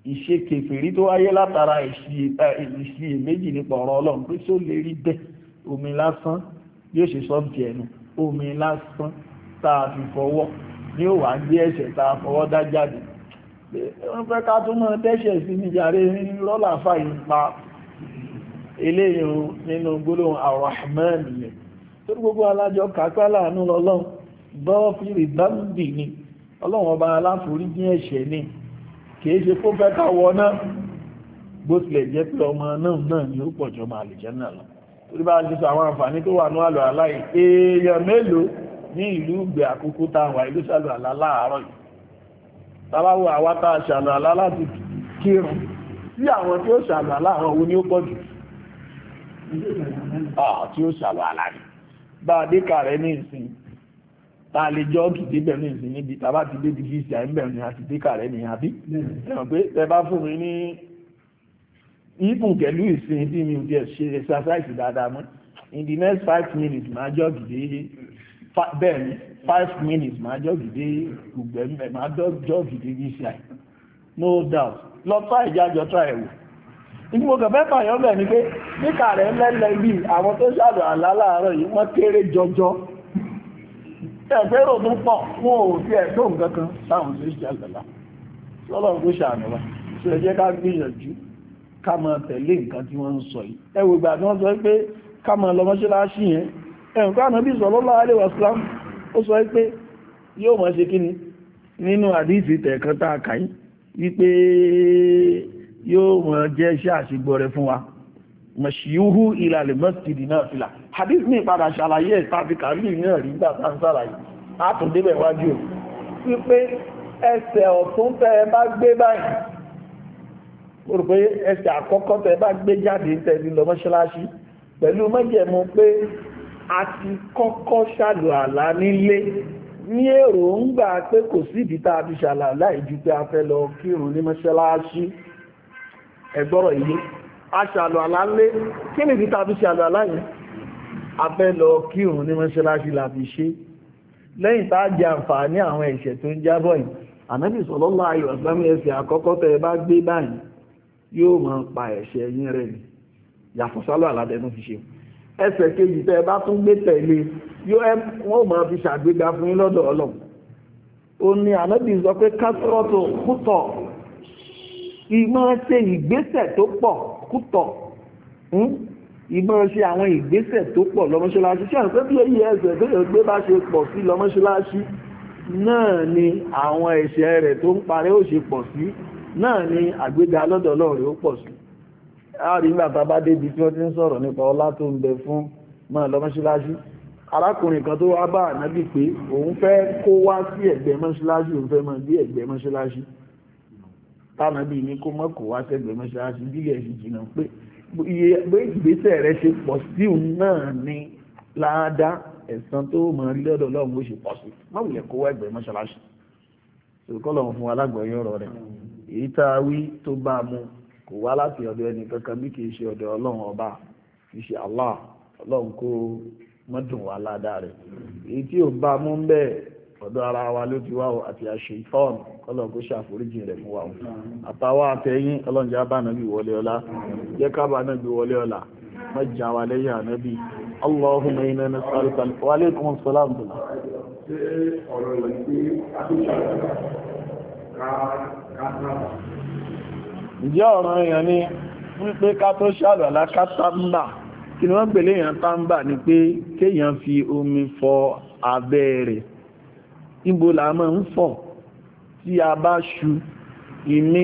ìṣe kèfèrí tó wáyé látara ìṣiyè méjì nípa ọ̀rọ̀ ọlọ́run pé tó lè rí bẹ́ẹ̀ omi lásán bí ó ṣe sọ bí ẹnu omi lásán tá a fi fọwọ́ ní ó wà gbé ẹ̀ṣẹ̀ tá a fọwọ́ dá jáde wọ́n fẹ́ ká tó máa dẹ́ṣẹ̀ sí ní jàre ní rọ́là fàyè pa eléyìn nínú gbólóhùn ar yẹn tó gbogbo alájọ kàkálà àánú lọ́lọ́run bọ́ọ̀fì rìbámbì ni ọlọ́run ọba aláforíjì ẹ̀ṣẹ̀ ni kìí ṣe fún fẹ́ káwọ náà bó tilẹ̀ jẹ́ pé ọmọ náà náà ni ó pọ̀jọ́ máa lè jẹ́ náà lọ torí bá ti sọ àwọn àǹfààní tó wà ní àlọ́ àlá yìí èèyàn mélòó ní ìlú ìgbé àkókò táwọn ìlú ṣàlọ́ àlá láàárọ̀ yìí tàbáwò àwa tá a ṣàlọ́ àlá láti kírun sí àwọn tí ó ṣàlọ́ àlá àwọn wo ni ó pọ̀jù ah, tí ó ṣàlọ́ àlá ni bá a dé kàrẹ́ ní ìsìn ta lè jọ kìdé bẹ̀rù ní ìsìn níbi tàbá ti dé bíi ìsìn àìbẹ̀rù ní àti dékà rẹ̀ ní àbí ẹ̀rọ pé tẹ bá fún mi ní ìbùn pẹ̀lú ìsìn tí mi ò jẹ́ ṣe exercise dáadáa mọ́ in the next five minutes máa jọ kìdé bẹ́ẹ̀ ni five minutes máa jọ kìdé gbùgbẹ́ máa jọ kìdé ìsìn àì no doubt lọ tọ́ ìjájọ́ tọ́ ẹ̀wò ìgbìmọ̀ kẹfẹ́ fàyọ́ bẹ̀ ni pé dékà rẹ̀ lẹ́lẹ́ bíi àwọn tó ṣàdọ̀ àlá láàárọ̀ yìí wọ́n kéré jọjọ ẹ̀fẹ́rò tó pọ̀ fún òfin ẹ̀tọ́ nǹkan kan táwọn sí ìjàlẹ̀lá lọ́lọ́ tó ṣàmìlá ṣe jẹ́ ká gbìyànjú ká máa tẹ̀lé nǹkan tí wọ́n ń sọ yìí ẹwò ìgbà tí wọ́n sọ pé ká máa lọ mọ́ṣáláṣí yẹn ẹ̀ǹkọ́ ànábì sallallahu alaihi wasallam ó sọ pé yóò máa ṣe kíni nínú àdíìsì tẹ̀ẹ̀kan tá hadith ní ìpadà ṣàlàyé ìtàfikàlì náà rí gbàtà ń ṣàlàyé látùndébẹ̀ wájú wípé ẹsẹ̀ ọ̀tún tẹ́ ẹ bá gbé báyìí ó rò pé ẹsẹ̀ àkọ́kọ́ tẹ́ ẹ bá gbé jáde tẹ́lẹ̀ lọ mọ́ṣáláṣí pẹ̀lú mọ́jẹ̀mú pé a ti kọ́kọ́ ṣàlùwàlá nílé ní èròǹgbà pé kò sí ìdí tá a fi ṣàlùwàlá ìjú pé a fẹ́ lọ kírun ní mọ́ṣáláṣí ẹgbọ́rọ̀ ilé a ṣàlùwàlá lé kí ni ìdí tá a fi ṣàlùwàlá yẹn afẹ́ lọ kírun ní mọ́ṣáláṣí la fi ṣe lẹ́yìn tá a jẹ àǹfààní àwọn ẹ̀ṣẹ̀ tó ń jábọ̀ yìí ànábì sallallahu alaihi wasallam ẹsẹ̀ àkọ́kọ́ tẹ́ ẹ bá gbé báyìí yóò máa pa ẹ̀ṣẹ̀ yín rẹ̀ ni yàtọ̀ sálọ àládẹnu fi ṣe ẹsẹ̀ kejì tẹ́ ẹ bá tún gbé tẹ̀lé yóò ẹ wọ́n máa fi ṣàgbéga fún yín lọ́dọ̀ ọlọ́run ó ní ànábì sọ pé kásírọ́tò kútọ̀ ìmọ̀ ṣe ìgbésẹ̀ tó pọ̀ kútọ̀ ìmọ̀ ṣe àwọn ìgbésẹ̀ tó pọ̀ lọ́mọṣáláṣí ṣe àǹfẹ́ bí èyí ẹsẹ̀ tó yẹ gbé bá ṣe pọ̀ sí lọ́mọṣáláṣí náà ni àwọn ẹ̀ṣẹ̀ rẹ̀ tó ń parẹ́ ó ṣe pọ̀ sí náà ni àgbéga lọ́dọ̀ Ọlọ́run ó pọ̀ sí láàrin bàbá bá débi tí wọ́n ti ń sọ̀rọ̀ nípa ọlá tó ń bẹ fún mọ́ lọ́mọṣáláṣí arákùnrin kan tó wá bá ànábì pé òun fẹ́ kó wá sí ẹ̀gbẹ́ mọ́ṣáláṣí òun fẹ́ mọ́ bí ẹ̀gbẹ́ mọ́ṣáláṣí tánàbì ní kó mọ́ kó wá sẹ́gbẹ́ mọ́ṣáláṣí bí ẹ̀ sì jìnnà pé iye ìgbésẹ̀ rẹ ṣe pọ̀ sí òun náà ni láàdá ẹ̀san tó mọ̀ rí lọ́dọ̀ ọlọ́run ó ṣe pọ̀ sí má wùlẹ̀ kó wá ẹgbẹ̀rún mọ́ṣáláṣí ṣùgbọ́n lọ́wọ́ fún alágbọ̀nyé ọ̀rọ̀ rẹ̀ èyí tá a wí tó bá a mu kò wá láti ọ̀dọ̀ ẹnì kankan bí kì í ṣe ọ̀dọ̀ ọlọ́run ọba kì í ṣe Allah ọlọ́run kó mọ́dùn wá ládàá rẹ̀ èyí tí ò bá a mú bẹ́ẹ̀ ọ̀dọ̀ ara wa ló ti wá o àti àṣẹ ìfọ́ọ̀n ọlọ́run kó ṣàforíjì rẹ̀ fún wa o àtàwọn àtẹ̀yìn ọlọ́run jẹ́ abánabi wọlé ọlá jẹ́ kábàánabi wọlé ọlá mẹ́jà wa lẹ́yìn ànábì Allahumma inna nas'aluka wa alaykum salam bùnà. ṣé ọ̀rọ̀ ni wípé abẹ́ rẹ̀ ìbò là máa ń fọ̀ tí a bá ṣu imí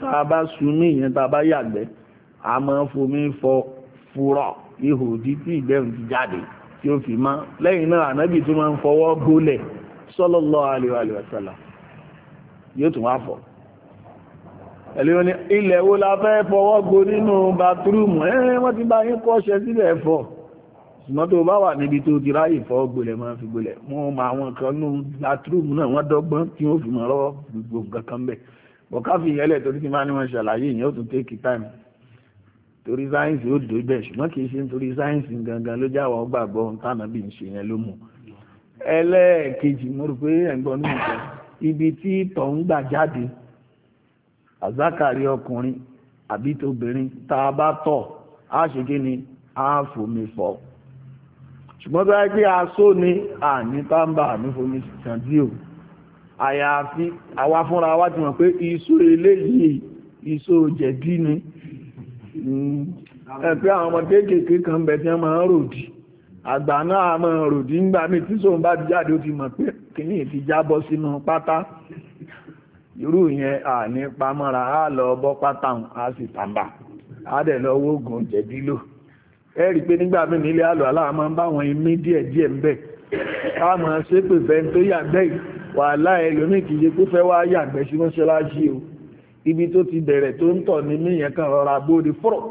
tá a bá ṣu mí ìyẹn tá a bá yàgbẹ́ a máa fomi fọ fúrọ̀ ihò dí tí ìgbẹ́rùn ti jáde tí ó fi má lẹ́yìn náà ànábì tó máa ń fọwọ́ gólẹ̀ sallallahu alaihi wa sallam yóò tún wá fọ̀ ẹ̀lẹ́ ilẹ̀ wo la fẹ́ fọwọ́ go nínú bathroomu ẹ́ wọ́n ti bá yín kọ́ ṣe sílẹ̀ fọ̀ ṣùgbọ́n tó bá wà níbi tó ti ráyè fọ́ gbolẹ̀ máa fi gbolẹ̀ wọ́n mọ àwọn kan nù látírùmù náà wọ́n dọ́gbọ́n tí wọ́n fi mọ̀ lọ́wọ́ gbogbo nǹkan kan bẹ̀ bọ̀ káfí ìyẹlẹ̀ torí ti máa ní wọn ṣàlàyé ìyẹn ó tún take time torí sáyẹ́ǹsì ó dò bẹ̀ ṣùgbọ́n kì í ṣe nítorí sáyẹ́ǹsì gangan ló jáwọ́ gbàgbọ́ tánàbí ń ṣe yẹn ló mú ẹlẹ́ẹ̀kejì mo rò pé ẹ̀gbọ́n ní ìjọ a bá tọ̀ á ṣe kí ṣùgbọ́n tó wáyé pé aṣó ni àní tábà ní fomi ṣàǹtí o àyàfi àwa fúnra wa ti mọ̀ pé iṣó eléyìí iṣó jẹ̀dí ni ẹ̀pẹ́ àwọn ọmọ kéékèèké kan bẹ̀ tí wọ́n máa ń ròdì àgbà náà a máa ròdì ńgbà míì tí sóun bá ti jáde ó ti mọ̀ pé kíní ti jábọ́ sínú pátá irú yẹn àní pamọ́ra á lọ bọ́ pátá a sì tàbà á dẹ̀ lọ wógun jẹ̀dí lò ẹ rí i pé nígbà mí nílé àlọ́ aláàmọ́ ń bá wọn imí díẹ̀ díẹ̀ ń bẹ̀ káàmọ́ ṣépè fẹ́ tó yàgbẹ́ wàhálà ẹlòmíì kì í ṣe pé fẹ́ wá yàgbẹ́ sí mọ́ṣáláṣí o ibi tó ti bẹ̀rẹ̀ tó ń tọ̀ ní míyẹn kan rọra bóde fúrọ̀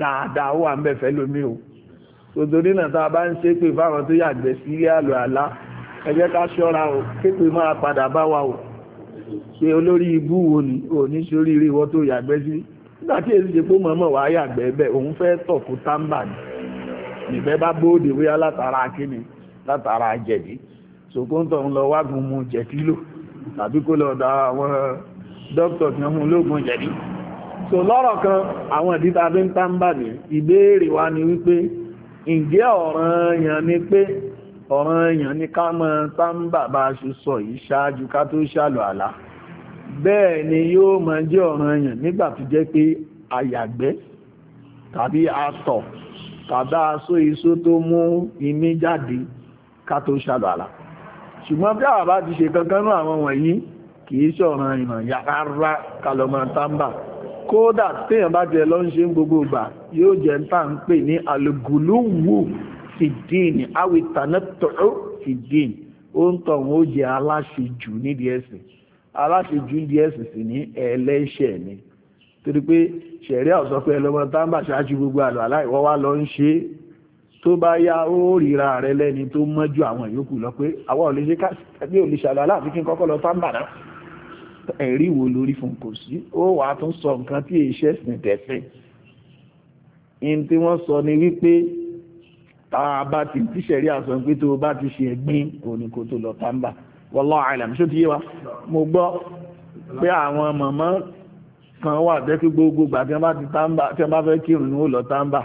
dáadáa wà ń bẹ̀ fẹ́ lómi o tòtòrí náà tá a bá ń ṣépè fáwọn tó yàgbẹ́ sí àlọ́ àlá ẹ jẹ́ ká ṣọ́ra o képè máa padà bá wa o ṣe olórí ibú wo ni òní sórí ìwọ tó yàgbẹ́ sí nígbà tí èyí ṣe pé màmá wàá yàgbẹ́ bẹ́ẹ̀ òun fẹ́ tọ̀ fún táǹbà ni ìfẹ́ bá bóde bóyá látara kíni látara jẹ̀dí ṣòkóńtọ̀ ń lọ wágun mu jẹ̀dí lò tàbí kó lọ da àwọn dókítà tí wọ́n mú lóògùn jẹ̀dí so lọ́rọ̀ kan àwọn ìdíta fi ń táǹbà ni ìbéèrè wa ni wípé ǹjẹ́ ọ̀ranyàn ni pé ọ̀ranyàn ni ká mọ táǹbà bá a ṣe sọ yìí ṣáájú ká tó ṣàlù àlá bẹ́ẹ̀ ni yóò máa jẹ́ ọ̀ranyàn nígbà tó jẹ́ pé àyàgbẹ́ tàbí àtọ̀ tàbí aṣọ iṣó tó mú imí jáde ká tó ṣàlọ́lá ṣùgbọ́n bí àwa bá ti ṣe kankan náà àwọn wọ̀nyí kìí ṣọ̀ràn ìràn yàrá kalọ̀mọ̀ tàmbà kódà téèyàn bá jẹ lọ́n ṣe ń gbogbo ìgbà yóò jẹ́ ń tà ń pè ní aluguluwu fìdíìnì awìtànẹ́tọ̀ọ́ fìdíìnì ó ń tọ̀hún ó jẹ́ aláṣejù nídìí ẹ̀sìn aláṣejù ń di ẹ̀sìn sí ní ẹlẹ́ṣẹ̀ ni torí pé ṣẹ̀rí àwọn sọ pé ẹlọ́mọ táǹbà ṣáájú gbogbo àlọ́ aláìwọ́ wá lọ ń ṣe é tó bá yá ó ríra rẹ lẹ́ni tó mọ́jú àwọn ìyókù lọ pé àwọn ò lè ṣe káàkiri ò lè ṣàlọ́ aláàfin kí n kọ́kọ́ lọ táǹbà náà ẹ̀rí wo lórí fún kò sí ó wà á tún sọ nǹkan tí èyí ṣẹ̀sìn tẹ̀sìn in tí wọ́n sọ ni wípé tá a bá ti tíṣẹ̀rí àsọ pé tó bá ti ṣe ẹ̀gbin òní kó tó lọ táǹbà wallahu alam ṣó ti yé wa mo gbọ́ pé àwọn màmá kan wà dẹ́kí gbogbo gbà tí wọ́n bá fẹ́ kírun ní ó lọ tábà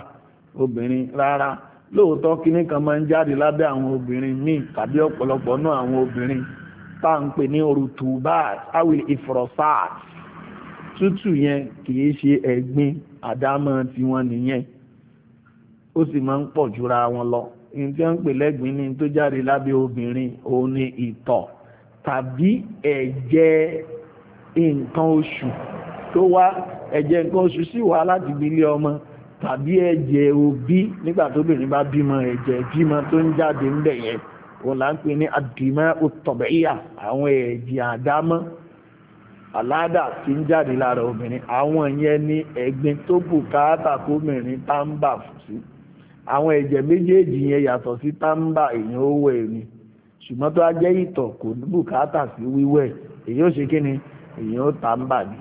obìnrin rárá lóòótọ́ kíní kan máa ń jáde lábẹ́ àwọn obìnrin míì tàbí ọ̀pọ̀lọpọ̀ náà àwọn obìnrin tá à ń pè ní rutubat awil ifrosat tútù yẹn kì ṣe ẹ̀gbin àdámọ́ tiwọn nìyẹn ó sì máa ń pọ̀ jura wọn lọ nǹkan ń pè lẹ́gbìn ní tó jáde lábẹ́ obìnrin òun ni ìtọ̀ tàbí ẹ̀jẹ̀ nǹkan oṣù tó wá ẹ̀jẹ̀ nǹkan oṣù sì wá láti gbilé ọmọ tàbí ẹ̀jẹ̀ òbí nígbà tó bìnrin bá bímọ ẹ̀jẹ̀ bímọ tó ń jáde ń bẹ̀ yẹn òun là ń pè ní àdìmọ́ òtọ̀bẹ̀yà àwọn ẹ̀jẹ̀ àdámọ́ àládà tí ń jáde lára obìnrin àwọn yẹn ní ẹ̀gbin tó bùkátà kóbìnrin tá ń bà fún sí àwọn ẹ̀jẹ̀ méjèèjì yẹn yàtọ̀ sí èèyàn ó wẹ̀ ni ṣùgbọ́n tó a jẹ́ ìtọ̀ kò ní bùkátà sí wíwẹ̀ èèyàn ó ṣe kí ni èèyàn ó táǹbà ni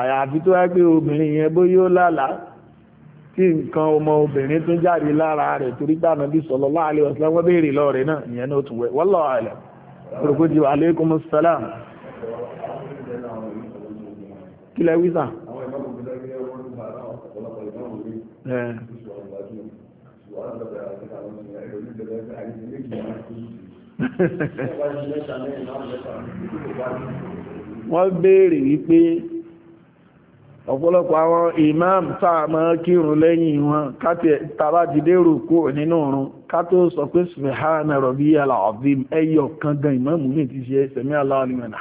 àyàfi tó wá pé obìnrin yẹn bóyá ó lálàá tí ọmọ obìnrin tún jáde lára rẹ̀ torí béèrè lọ́ọ̀rẹ́ ìyẹn wẹ̀ salam wọ́n béèrè wípé ọ̀pọ̀lọpọ̀ àwọn imam táà máa kírun lẹ́yìn wọn káti tàbá ti dérò nínú ọ̀run ká sọ pé subhana rabbiyal azim ẹyọ gan ìmáàmù ti ṣe sami Allahu liman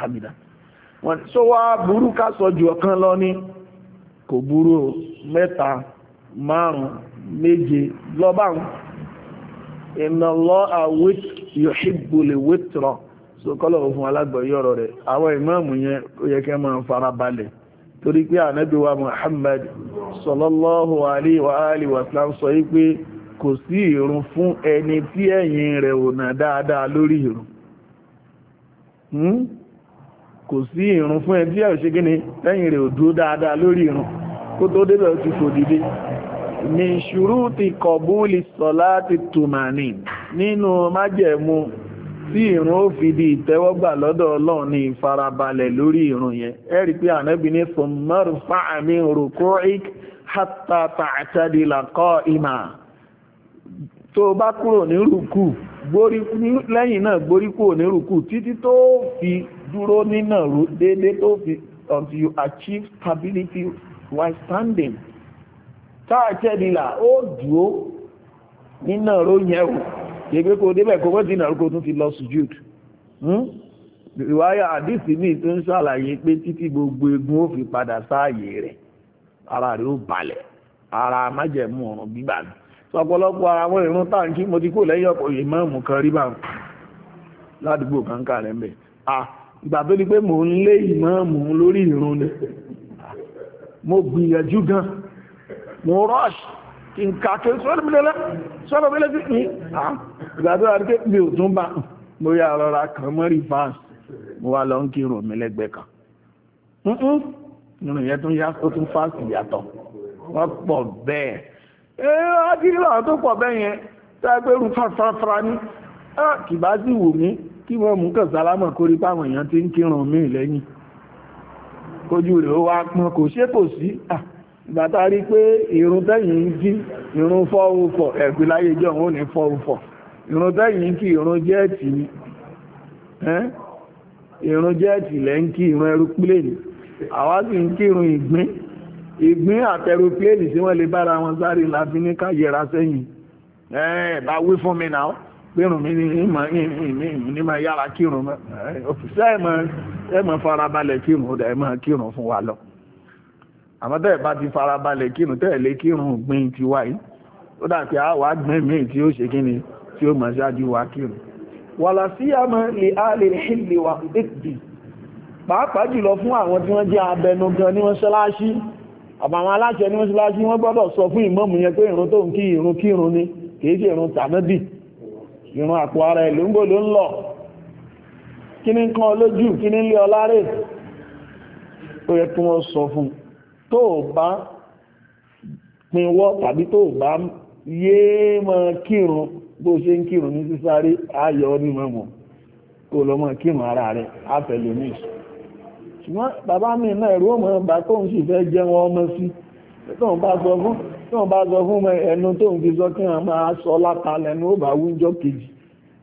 yọ̀ṣíbò lè wétrọ̀ so kọ́lọ̀ òfin alágbọ̀yọ́ ọ̀rọ̀ rẹ̀ àwọn ìmáàmù yẹn ó yẹ kẹ́ máa fara balẹ̀ torí pé ànábì wa Muhammad sallallahu alaihi wa alihi wa sallam sọ wípé kò sí ìrun fún ẹni tí ẹ̀yìn rẹ̀ ò nà dáadáa lórí ìrun hmm? kò sí ìrun fún ẹni tí ẹ̀ rẹ̀ ò dúró dáadáa lórí ìrun kó tó débẹ̀ ti fò dìde min ṣùrúti kọ̀búlì sọ̀láti tùmàní nínú májẹ̀mú tí ìrun ó fi di ìtẹ́wọ́gbà lọ́dọ̀ ọlọ́run ní ìfarabalẹ̀ lórí ìrun yẹn ẹ̀rí pé ànábì ní sọmọ́rù fáàmì rùkúrík hátà tààtàdìlà kọ́ ìmà tó bá kúrò ní rùkù lẹ́yìn náà gborí kúrò ní rùkù títí tó fi dúró nínà déédéé tó fi until you achieve stability while standing táàtẹ́dìlà ó dúó nínà ró yẹn o kò débẹ̀ kò wọ́n ti nà tún ti lọ sujud hmm? ìwáyà àdìsí míì tó ń pé gbogbo egun ó fi padà sáàyè rẹ̀ ara rẹ̀ ó balẹ̀ ara májẹ̀mú ọ̀run gbígbà ní ọ̀pọ̀lọpọ̀ àwọn ìrún táǹkì mo ti kó lẹ́yìn ọ̀pọ̀ ìmáàmù kan rí ládùúgbò kan rẹ̀ ń bẹ̀ ìgbà tó ní pé mo rush kí n ka kí n sọ́rọ̀ mílẹ̀ sọ́rọ̀ mílẹ̀ sí ah, ní ìgbàdúrà rí pé mi ò tún bá mo yà rọra kan mọ́rí fans mo wá lọ ń kírun mi lẹ́gbẹ̀ẹ́ kan nínú yẹn tún yá ó tún fast yàtọ̀ wọ́n pọ̀ bẹ́ẹ̀ ẹ̀rọ adílé àwọn tó pọ̀ bẹ́ẹ̀ yẹn tẹ́gbẹ́rún fàfàfà ní kì bá sì wù mí kí wọ́n mú kàn sálámà kórí páwọn èèyàn ti ń kírun mí lẹ́yìn kójú rẹ̀ ó wá pọn kò ṣe kò sí ah, ìgbàtà pé ìrun tẹ́yìn ń kí ìrun fọ́rúfọ̀ ẹ̀gbì láyé jọ ní tẹ́yìn ń kí ìrun jẹ́ẹ̀tì ni ìrun jẹ́ẹ̀tì lẹ́ ń kí ìrun ẹrúpílẹ̀nì àwa sì ń kí ìgbín ìgbín àtẹrúpílẹ̀nì sí wọ́n lè bára wọn sáré láti ní ká yẹra sẹ́yìn bá wí fún mi náà mi ní ìmọ̀ ìmọ̀ yára kírun mọ́ ẹ̀mọ̀ farabalẹ̀ kírun ó dẹ̀ ẹ̀mọ̀ kírun fún wa lọ. àmọ́ tẹ́ ẹ̀ bá ti farabalẹ̀ kírun tẹ́ ẹ̀ lé kírun gbin ti wáyé ó dà pé àwa gbin míì tí ó ṣe kí ni tí ó mọ̀ ṣáájú wa kírun wàlá sí àmọ́ lè á lè hìlè wà pẹ́tì pàápàá jùlọ fún àwọn tí wọ́n jẹ́ abẹnugan ní wọ́n ṣọ́láṣí àbàwọn aláṣẹ ní wọ́n ṣọ́láṣí wọ́n gbọ́dọ̀ sọ fún ìmọ̀mù yẹn pé ìrun tó ń kí ìrun kírun ni kìí ṣe ìrun tànábì ìrun àpò ara ẹ̀ ló ń gbòdó ń lọ kí ni nǹkan olójú kí ni ń lé ọlárè ó yẹ kí wọ́n sọ fún un tó bá pinwọ́ tàbí tó bá yéé mọ́ kírun bó ṣe ń kírun ní sísáré ayọ̀ ní mọ́mọ́ kó lọ mọ́ kírun ara rẹ̀ afẹ́lónìí ṣùgbọ́n bàbá mi náà ẹ̀rú ọmọ ọba tó ń sì fẹ́ jẹ́ wọn ọmọ sí tóun bá sọ fún tóun bá sọ fún ẹnu tóun fi sọ kí wọn máa sọ láta lẹ́nu ó bá wújọ kejì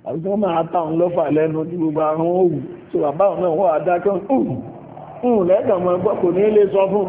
àbí wọn máa ta òun lọ́fà lẹ́nu tí gbogbo àwọn òwú tó bàbá òun náà wọ́n adákẹ́ òun lẹ́gbẹ̀ẹ́ ọmọ ẹgbọ́ kò ní lè sọ fún un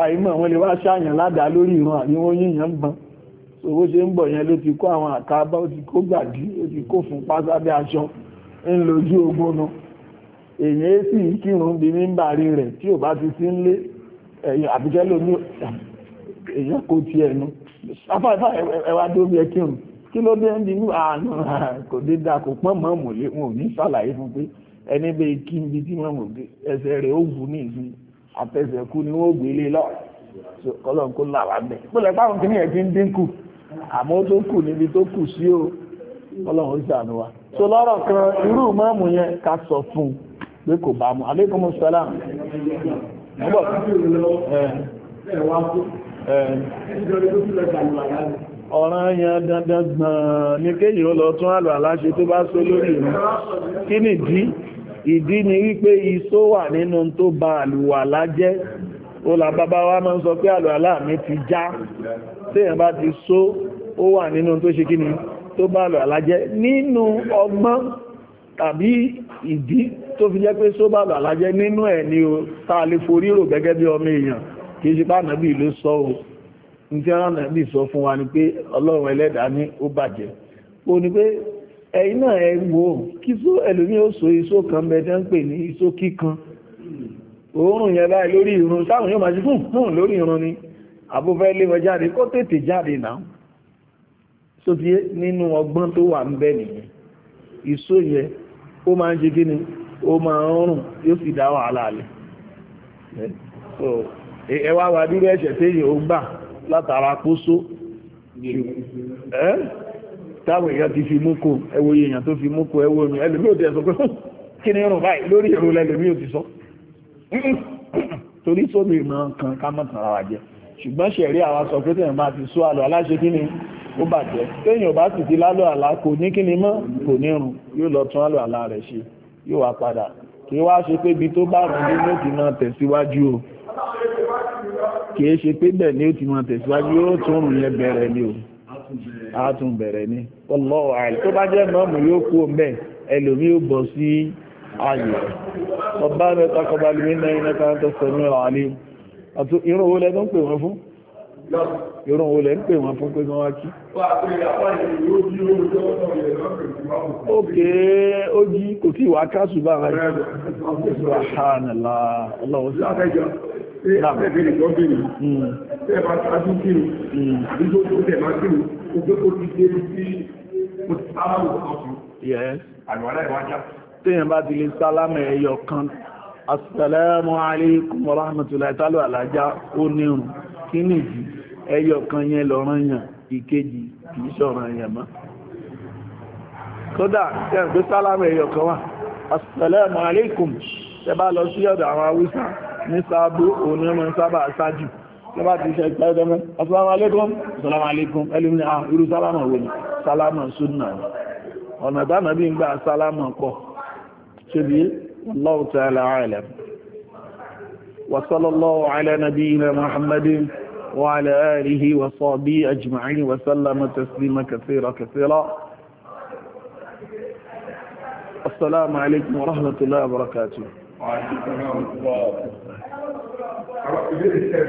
àìmọ̀ wọn lè wá ṣàyàn ládàá lórí ìran àní wọ́n yíyàn ń ban owó ṣe ń bọ̀ yẹn ló ti kó àwọn àkábá ó ti kó gbàdí ó ti kó fún pásábẹ́ aṣọ ń lójú ogun nu èyí sì ń kírun bí mímbàrí rẹ̀ tí ò bá ti sí ń lé ẹ̀yìn àbíkẹ́ lómi èyí kò ti ẹnu afáfá ẹwà tó bí ẹ kírun kí ló dé ń di ní àánú kò dé dáa kò pọ́n mọ́ mọ̀lé wọn ò ní ṣàlàyé fún pé ẹni bẹ́ẹ̀ kí n bí tí wọ́n mọ̀ ẹsẹ̀ rẹ̀ ó wù ní ìsinyìí àtẹsẹ̀kú ni wọ́n gbé lé lọ kọ́lọ̀ kó là wá bẹ̀. pẹ̀lẹ́ báwọn kìíní yẹn ti ń dínkù àmọ́ tó kù níbi tó kù sí o kọ́lọ̀ ó ṣàánú wa. so lọ́rọ̀ kan irú mọ́ọ̀mù yẹn ká sọ fún un pé kò bá mu aleykum salaam. nígbà ọ̀ràn yẹn dandan gbọ̀n ní kéyìí ó lọ tún àlọ́ àláṣe tó bá sọ lórí rẹ̀ kí nìdí ìdí ni wípé iṣó wà nínú tó ba àlùwàlá jẹ́ ó là bàbá wa máa ń sọ pé àlùwàlá mi ti já téèyàn bá ti só ó wà nínú tó ṣe kíni tó bá àlùwàlá jẹ́ nínú ọgbọ́n tàbí ìdí tó fi jẹ́ pé só bá àlùwàlá jẹ́ nínú ẹ̀ ni o tá a lè forí rò gẹ́gẹ́ bí ọmọ èèyàn kì í ṣe bá ànábì ló sọ o ní tí ànábì sọ fún wa ni pé ọlọ́run ẹlẹ́dàá ní ó bàjẹ́ ó ní pé ẹ̀yin náà ẹ wò kí só ẹlòmí ó so iṣó kan bẹ̀ẹ́ ń pè ní iṣó kíkan òórùn yẹn báyìí lórí irun sáwọn yóò máa ṣe fún fún lórí irun ni àbúfẹ́ lé jáde kó tètè jáde náà so ti nínú ọgbọ́n tó wà ń bẹ nìyẹn iṣó yẹn ó máa ń ṣe kí ni ó máa ń rùn yóò sì dá wàhálà lẹ̀ so ẹ wá wá dúró ẹ̀ṣẹ̀ téèyàn ó gbà látara pósó ẹ́ táwọn èèyàn ti fi múkò ẹwọ èèyàn tó fi múkò ẹwọ orin ẹlòmí ò ti ẹ̀sọ́ pé kí ni irun báyìí lórí èrò lẹ́lòmí ò ti sọ torí sómi ìmọ̀ kan ká mọ̀ tàn ara jẹ ṣùgbọ́n ṣẹ̀rí àwọn sọ pé tẹ̀yìn bá ti sọ àlọ́ aláṣẹ kí ni ó bàjẹ́ tẹ̀yìn ò bá sì ti lálọ́ àlá kò ní kí ni mọ́ kò ní irun yóò lọ tún àlọ́ àlá rẹ̀ ṣe yóò wá padà kí wá ṣe pé ibi tó bá rùn ní ló ti máa tẹ̀síwájú o kì í ṣe pé bẹ́ẹ̀ ni ó ti máa tẹ̀síwájú yóò tún rùn yẹn bẹ̀rẹ̀ ni o àátún bẹ̀rẹ̀ ní ọlọ́wọ́ àìlú tó bá jẹ́ mọ́mù yóò kú ọmọ ẹlòmí ó bọ̀ sí ayò ọba mẹ́ta kọba lómi náà iná kan tó sọ ní ọ̀hálí àti irun owó lẹ́nu ẹgbẹ̀rẹ̀ hmm. hmm. tó bèèrè tẹ́ẹ̀bá tàbí kírù àdúgbò tó tẹ̀má kírù ogbé ó ti dé sí mo ti sálámù ọkùn àlùwàlá ìwájá tẹ́yàn bá ti lè sálámù ẹyọ kan assalamu alaikum warahmatullahi ta'ala alájá ó nírun kí nìdí ẹyọ kan yẹn lọ́rọ̀ yàn ìkejì kìí sọ̀rọ̀ yàn mọ́ kódà tẹ́yàn pé sálámù ẹyọ kan wà assalamu alaikum tẹ́ ní sáàbù onímọ̀ sábà sáájú lọ́bá ti ṣe ìgbà ẹ̀dẹ́mẹ́ assalamu alaikum assalamu alaikum ẹlùmí à irú sálámà wò ní sálámà súnà ọ̀nà tánà bí ń gbà sálámà pọ̀ ṣe bí Allahu ta'ala a'lam wa sallallahu ala nabiyyina muhammadin wa ala alihi wa sahbihi ajma'in wa sallama taslima kathira kathira assalamu alaikum wa rahmatullahi wa barakatuh Àwọn ìbéèrè tẹ̀lé.